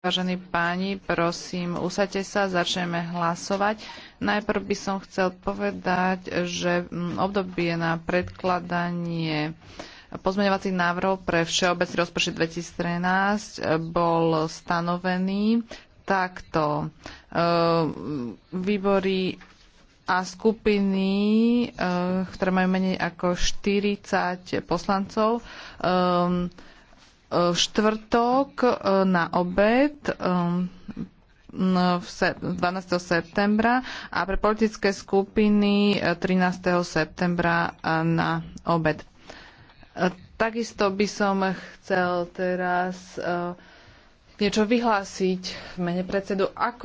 Vážení páni, prosím, usadte sa, začneme hlasovať. Najprv by som chcel povedať, že mm, obdobie na predkladanie pozmeňovacích návrhov pre Všeobecný rozpočet 2013 e, bol stanovený takto. E, výbory a skupiny, e, ktoré majú menej ako 40 poslancov, štvrtok e, na obed 12. E, septembra a pre politické skupiny 13. E, septembra na obed. Takisto by som chcel teraz niečo vyhlásiť v mene predsedu. Ako